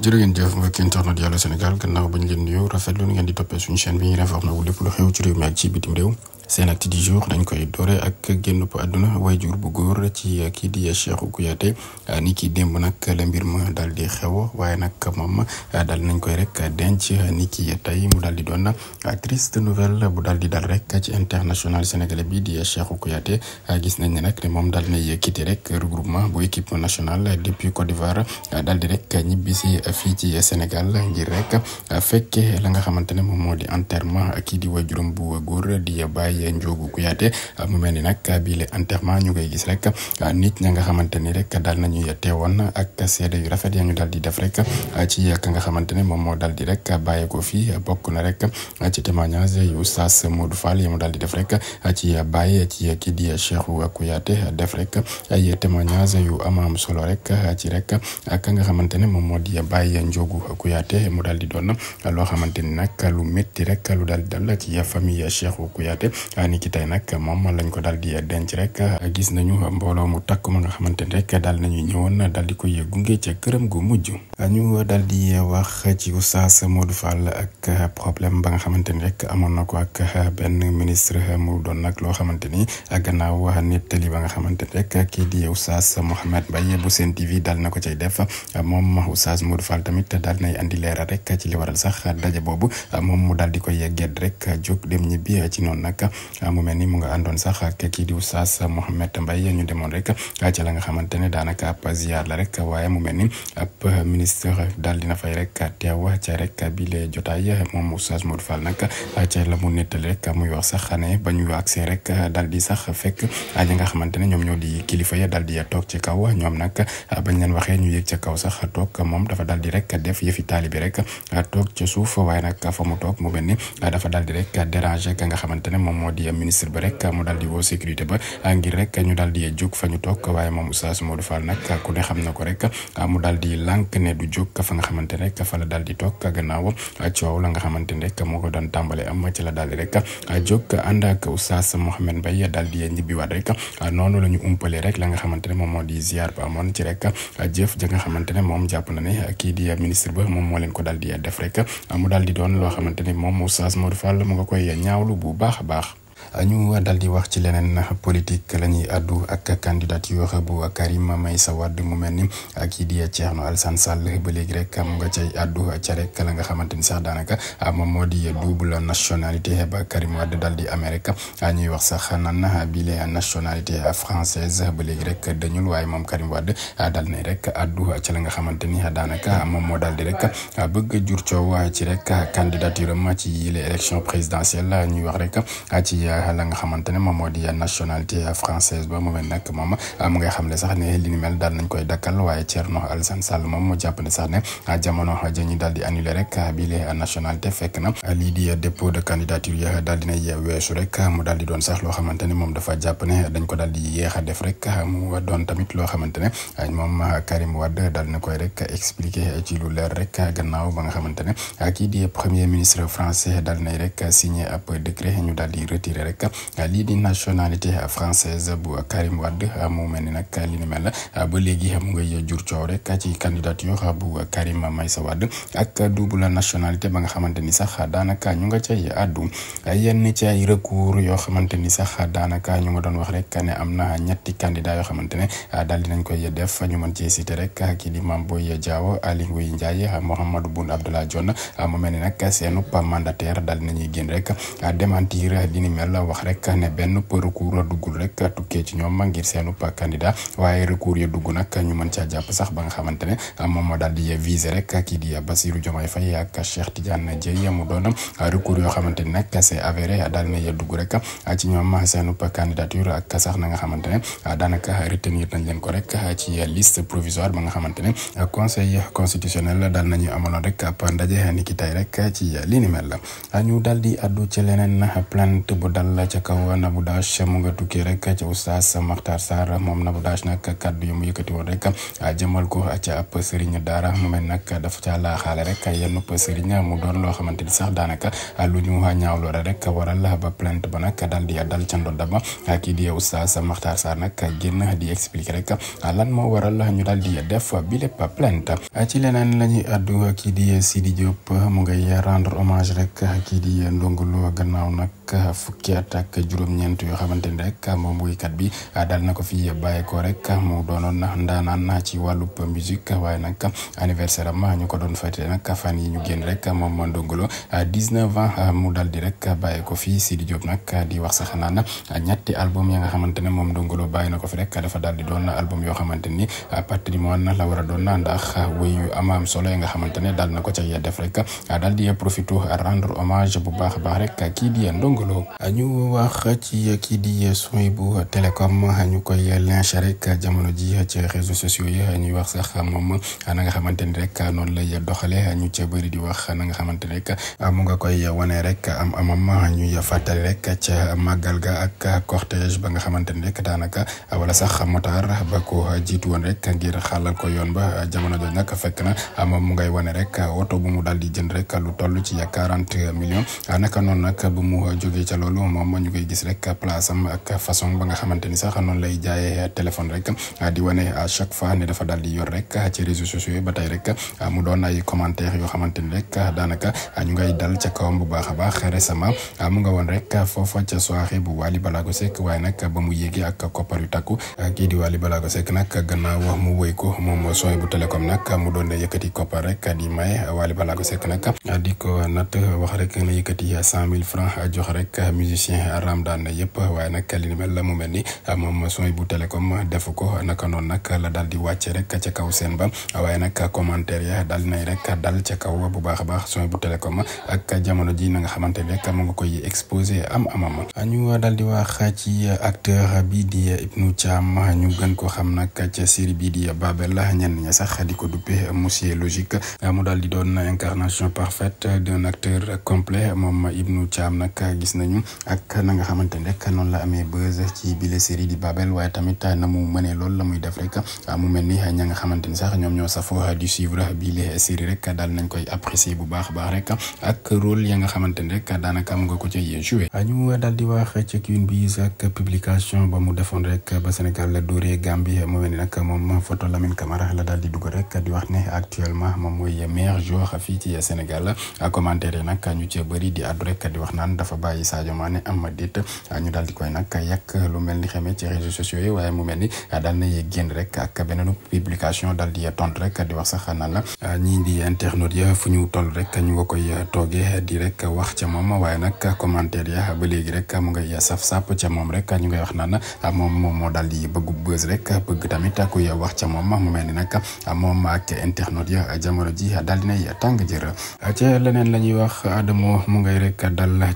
jërë ngeen jëf mbokki internet yàlla Sénégal gannaaw bañ leen nuyoo rafetlu ngeen di toppee suñu chaîne bi ñu informé wu lépp lu xew ci réew mi ak ci bitim réew seen acti du jour dañ koy doore ak génn bu àdduna wayjur bu góor ci kii di Cheikhou Kouyaté ni ki démb nag la mbir ma daal di xew waaye nag moom daal nañ koy rek denc ni ki tey mu daal di doon triste nouvelle bu daal di dal rek ci international sénégalais bi di Cheikhou Kouyaté gis nañ ne nag moom daal nay quitté rek regroupement bu équipe nationale depuis Côte d'Ivoire daal di rek ñibbisi fii ci Sénégal ngir rek fekke la nga xamante ne moom moo di enterrement kii di waajuram bu góor di di Ndiogou Kouyaté euh, mu mel ni nag bii le enterrement ñu ngay gis rek euh, nit ña nga xamante ni rek daal nañuy teewoon ak seede yu rafet ya ñu daal di def rek euh, ci ka nga xamante ne moom moo daal di rek bàyyeekoo fii bokk na rek ci témoignage yu Oustaz Modou Fall yi mu daal di def rek ci bàyyi ci kii di Cheikhou Kouyaté def rek ay témoignage yu am am solo rek ci rek ka nga xamante ne moom moo di bàyyi Ndiogou Kouyaté mu daal di doon loo xamante ni nag lu métti rek lu daal di dal ci famille Cheikhou Kouyaté Ah, ni ki tey nag moom lañ ko daal di denc rek ah, gis nañu mbooloo mu takk ma nga xamante ne rek daal nañu ñëwoon daal di koy gunge ca këram gu mujj ah, ñu daal di wax ci Oustaz Modou Fall ak problème ba nga xamante ni rek amoon na ko ak benn ministre mu doon nag loo xamante ni gannaaw nettali ba nga xamante ni kii di Oustaz Mouhamed Mbaye bu Sen TV daal na ko cay def moom Oustaz Modou Fall tamit daal nay andi leeral rek ci li waral sax daje boobu moom mu daal di koy gedd rek jóg dem ñibbi ci noonu nag a ah, mu mel ni mu nga àndoon sax a ak kii di a Mouhamed Mbaye ñu demoon rek ah, ca la nga xamante ne daanaka ab ziar la rek waaye mu mel ni ab ministre daal dina fay rek teew ca rek bi lee jotaay moom Oustaz Modou Fall nag ah, ca la mu nettali rek muy wax sax ne ba ñu accès rek daal di sax fekk ñi nga xamante ne ñoom ñoo di kilifa ya daal di toog ci kaw ñoom nag bañ leen waxee ñu yëg kaw sax moom dafa daal di rek def yëfi taalibi rek toog ca suuf waaye nag fa mu toog mu mel ni dafa daal di rek déranger nga xamante ne moom moo di ministre ba rek mu daal di woo sécurité ba ngir rek ñu daal ñu toog waaye moom Oustaz Modou Fall nag ku xam ko rek mu daal di lànk ne du jóg fa nga xamante ne rek fa la daal di toog gannaaw coow la nga xamante ne rek moo ko doon tàmbale am ci la daal rek jóg ànd ak Oustaz Mohamed Mbaye daal di ñibbiwaat rek noonu la ñu umpalee rek la nga xamante ne moom moo di ziar ba amoon ci rek jëf ne moom jàpp na ne kii di ministre ba moom moo leen ko daal di def rek mu daal di doon loo xamante ne moom Oustaz Modou Fall mu nga koy ñaawlu bu baax a baax. ñu dal di wax ci leneen politique la ñuy àddu ak candidature bu Karim Meïssa Wade mu mel ni kii di Thierno Alassane Sall ba léegi rek mu nga cay àddu ca rek nga xamante ni sax daanaka moom moo di double nationalité ba Karim Wade dal di Amérique ñuy wax sax naan bile nationalité française ba léegi rek dañul waaye moom Karim Wade dal rek àddu ca la nga xamante ni daanaka moom moo daal di rek bëgg jur coow ci rek candidature am ci yile élection présidentielle ñuy wax rek ci. la nga xamante ne moom moo di nationalité française ba mu mel nag moom mu ngay xamle sax ne li ni mel daal nañ koy dakkal waaye Thierno moom mu jàpp ne sax ne jamono ja ñu daal di annulé rek fekk na lii di dépôt de candidature yi daal di nay weesu rek mu doon sax loo xamante ne moom dafa jàpp ne dañ ko daal di yéex a def rek doon tamit loo xamante ne moom Karim Wade daal na koy rek expliqué ci lu leer rek gannaaw ba nga xamante ne kii di premier ministre français daal nay rek signé ab décret ñu daal di retiré rek. rek lii di nationalité française bu Karim Wade mu mel ni nag li ni mel ba léegi mu ngay jur coow rek ci candidature bu Karim Meïssa Wade ak double nationalité ba nga xamante ni sax daanaka ñu nga cay àddu a ci ay recours yoo xamante ni sax daanaka ñu nga doon wax rek ne am na ñetti candidat yoo xamante ne daal dinañ koy def ñu mën ci citer rek kii di Mame Boye Diao Aly Ngouille Ndiaye Mouhamadou Boun Abdallah Dionne mu mel ni nag seenu mandataire daal dinañuy génn rek a wax rek ne benn recours duggul rek tukkee ci ñoom ngir seenu candidat waaye recours ya dugg nag ñu mën caa jàpp sax ba nga xamante ne moom moo daal di viser ni nag c'est avéré daal na ya dugg rek ci ñoom seenu candidature na nga xamante ne daanaka retenir nañ leen ko rek ci liste provisoire ba nga xamante ne conseil constitutionnel daal nañu amaloon rek ab ndaje ni ki tey rek ci li ni mel ñu daal di addu ci leneen plainte bu dal dal ca kaw Nabou Dash mu nga tukkee rek a oustaz Makhtar a moom Nabou Dash nag kaddu yu mu yëkkati ca ab sëriñ daara mu mel nag dafa ca la xaale rek yenn sëriñ mu doon loo xamante ni sax daanaka lu ñu ñaawloo rek waral ba plainte ba nag a di dal ca ndodda ba kii di a Makhtar a nag a di a rek lan a waral ñu daal di def bi lépp plainte ci leneen la ñuy addu kii di Sidi Diop mu ngay rendre hommage rek kii di ndongolo gannaaw nag fukki at ak juróom-ñeent yoo xamante ni rek moom woykat bi daal na ko fi bàyyeekoo rek mu doonoon ndaanaan ci wàllub musique waaye nag am ñu ko doon fête nag fan yi ñu génn rek moom Ndongo Lo 19 ans dal di rek bàyyi ko fi Sidi Diop nag di wax sax naan ñetti album ya nga xamante ne moom Ndongo Lo bàyyi na fi rek dafa daal di doon album yoo xamante ni patrimoine la war a doon ndax wéy yu am am solo ya nga xamante ne daal na ko ca def rek daal di profité rendre hommage bu baax a baax rek kii di Ndongo Lo ñu wax ci kii di Souhaïbou Télécom ñu koy lynché rek jamono ji ci réseaux sociaux yi ñuy wax sax moom na nga xamante ni rek noonu lay doxale ñu ca bëri di wax na nga xamante ni rek mu nga koy wane rek am amam ñuy fàttali rek ca màggal ga ak cortège ba nga xamante ni rek daanaka wala sax motar ba ko jiitu woon rek ngir xàllal ko yoon ba jamono jooju nag fekk na moom mu ngay wane rek oto bu mu dal di jën rek lu toll ci quarante millions naka noonu nag bu mu jógee ca loolu moom ñu koy gis rek place am ak façon ba nga xamante ni sax noonu lay jaayee téléphone rek ah, di wane à chaque fois ne dafa daal di yor rek ci réseaux sociaux yi ba tey rek ah, doon ay commentaires yoo xamante ni rek daanaka ñu ngay dal ca kawam bu baax a baax récemment ah, mu nga woon rek foofa ca soirée bu Wally Balago Seck waaye nag ba mu yéegee ak koppar yu takku kii di Wally Balago Seck nag gannaaw mu wéy ko moom sooy bu télécom nag mu doon yëkkati koppar rek di may Wally Balago Seck nag di ko natt wax rek na yëkkati cent mille francs jox rek musicien technicien ramdaan yëpp na nag li ni mel la mu mel ni moom sooy bu télécom defu ko naka noonu nag la daal di wàcce rek ca kaw seen ba waaye nag commentaire ya daal nay rek dal ca kaw bu baax a baax sooy bu télécom ak jamono ji nanga nga xamante rek mu nga koy exposé am amam ñu daal di wax ci acteur bii di Ibnou Thiam ñu gën ko xam nag ca série bii di Babel ñenn ña sax di ko duppe monsieur logique mu daal di doon incarnation parfaite d'un acteur complet moom Ibnou Thiam nag gis nañu ak na nga xamante ne rek noonu la amee buzz ci bile série di Babel waaye tamit na mu mënee lool la muy def rek ah, mu mel ni a ak rôle ya ah, ba mu defoon rek ba Sénégal la dóoree Gambie mu mel ni nag moom photo Lamine la daal di dugg rek di wax ne actuellement moom mooy meilleur joueur fii ci Sénégal ah, commentaire yi nag ñu cee di àddu rek di wax naan dafa bàyyi Sadio Mané ne am dit ah, ñu daal di koy nag yàq lu mel ni xamee ci réseaux sociaux yi waaye mu mel ni daal na génn rek ak beneen publication daal di tontu rek di a sax naan la ah, ñii di internautes ya fu ñu toll rek ñu nga koy toogee di wax ca moom waaye nag commentaire ya ba léegi rek mu ngay saf sap moom rek ñu ngay wax naan ah, moom moom moo daal di bëgg buzz rek bëgg tamit kuy wax ca moom mu mel ni nag moom ak internautes ya jamono ji daal dinay tàng jër ca leneen dal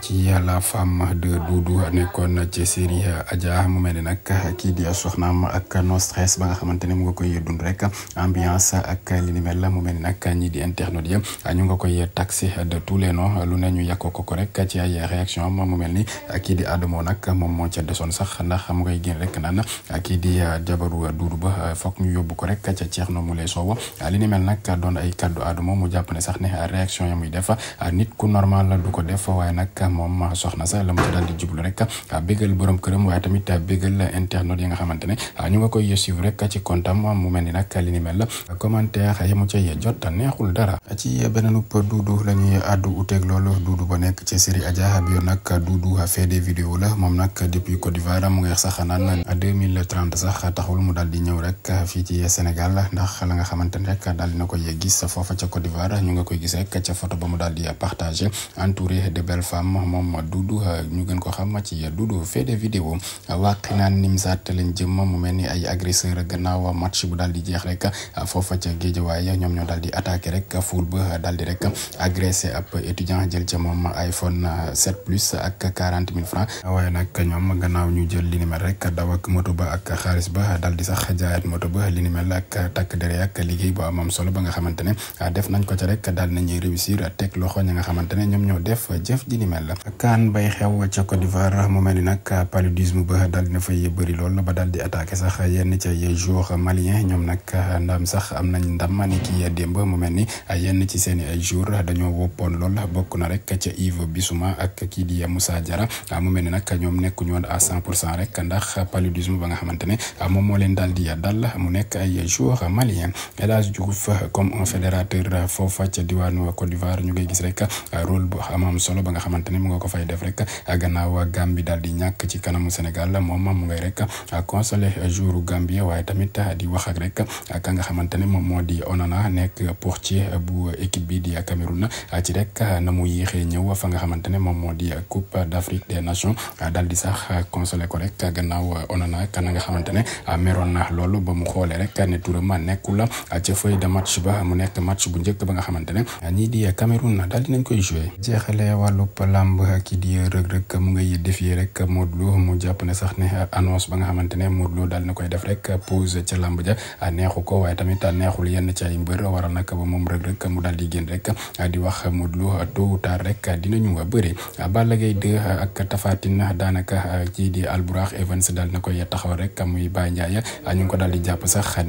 ci la femme de Doudou nekkoon ci série Adja mu mel ne nag kii di soxnaam ak no stress ba nga xamante ne mu nga koy dund rek ambiance ak li ni mel mu mel ne nag ñii di internautes yi ñu nga koy taxé de tous les noms lu ñu yàqoo ko ko rek ci ay réaction mu mel ni kii di Adamo nag moom moo ca desoon sax ndax nga ngay génn rek naan kii di jabaru Doudou ba foog ñu yóbbu ko rek a Thierno Moule Sow li ni mel nag doon ay kaddu Adamo mu jàpp ne sax ne réaction ya muy def nit ku normal du ko def waaye nag moom soxna sax daal di jublu rek ah, bégal borom këram waaye tamit ah, bégal internautes yi nga xamante ne ah, ñu nga koy suivre rek ci kontam mu mel ni nag li ni mel la commentaire yi mu cay jot neexul dara ci beneen duudu la ñuy àddu uteeg loolu du ba nekk ci série Adja bi yoon nag du fait des vidéos la moom nag depuis Côte d'Ivoire mu ngi sax naan deux mille trente sax taxul mu daal di ñëw rek fii ci Sénégal ndax la nga xamante ne rek daal na koy gis foofa ca Côte d'Ivoire ñu nga koy gis rek ca photo ba mu daal di partagé entouré de belles femmes moom duudu ñu gën ko xam ci Doudou fait des vidéos waa Kinan Nimzatt lañ jëm mu mel ni ay agresseur gannaaw a match bu daal di jeex rek foofa ca Guédiawaye ñoom ñoo daal di attaqué rek foule ba daal di rek agressé ab étudiant jël ca moom iPhone 7 plus ak 40 000 francs waaye nag ñoom gannaaw ñu jël li ni rek daw ak moto ba ak xaalis ba daal di sax jaayaat moto ba li ni mel ak takk dere ak liggéey bu am solo ba nga xamante ne def nañ ko ca rek daal nañuy réussir teg loxo ña nga xamante ne ñoom ñoo def jëf ji ni mel la kaan bay xew ba ca Côte d'Ivoire ni nag paludisme ba daal dina fay bëri lool ba daal di attaqué sax yenn ca joueurs maliens ñoom nag ndam sax am nañ ndam ni ki démb mu mel ni yenn ci seen ay joueurs dañoo woppoon lool bokk na rek ca Yves ak kii di Moussa Diarra mu mel ni nag ñoom nekkuñu woon à cent pour cent rek ndax paludisme ba nga xamante ne moom moo leen daal di dal mu nekk ay joueurs maliens El Hadj Diouf comme un fédérateur foofa ca diwaanu Côte d'Ivoire ñu ngay gis rek rôle bu am solo ba nga xamante ne mu nga ko fay def rek. gannaaw Gambie daal di ñàkk ci kanamu Sénégal moom mu ngay rek consolé jouru Gambie waaye moom di Onana nekk portier bu équipe bi di Cameroun ci na mu yéexee ñëw fa nga xamante ne moom moo di Coupe d'Afrique des Nations daal di sax consolé ko rek gannaaw Onana ka nga xamante ne meroon na loolu ba mu xoolee ba mu nekk match bu njëkk di Cameroun rëg rek mu ngay défier rek Modou Lo mu jàpp ne sax ne annonce ba nga xamante ne Modou Lo daal na koy def rek pause ca làmb ja neexu ko waaye tamit neexul yenn ci ba moom rek rek mu daal di di wax Modou Lo tôt na koy taxaw rek muy Baye Ndiaye ñu ngi ko daal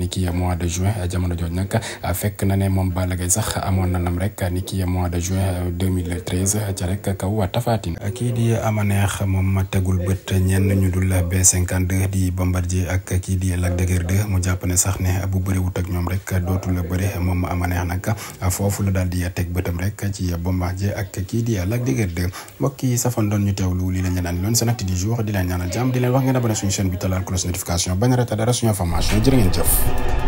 ki mois de juin jamono jooju a fekk na ne moom Balla Gaye sax amoon na nam rek ni ki mois de juin 2013 ca rek kaw Tapha Tine kii di ama neex moom ma tegul bët ñenn ñu dul cinquante 52 di bombardier ak kii di Lac de Guiers 2 mu jàpp ne sax ne bu bëriwut ak ñoom rek dootul bëre moom ama neex nag foofu la daal di teg bëtam rek ci bombardier ak kii di Lac de Guiers 2 mbokk yi safoon doon lii la ñu naan loon seen acte du jour di leen ñaanal jàmm di leen wax ngeen abonné suñu chaîne bi talaal cloche notification bañ a raté dara suñu information jërë ngeen jëf.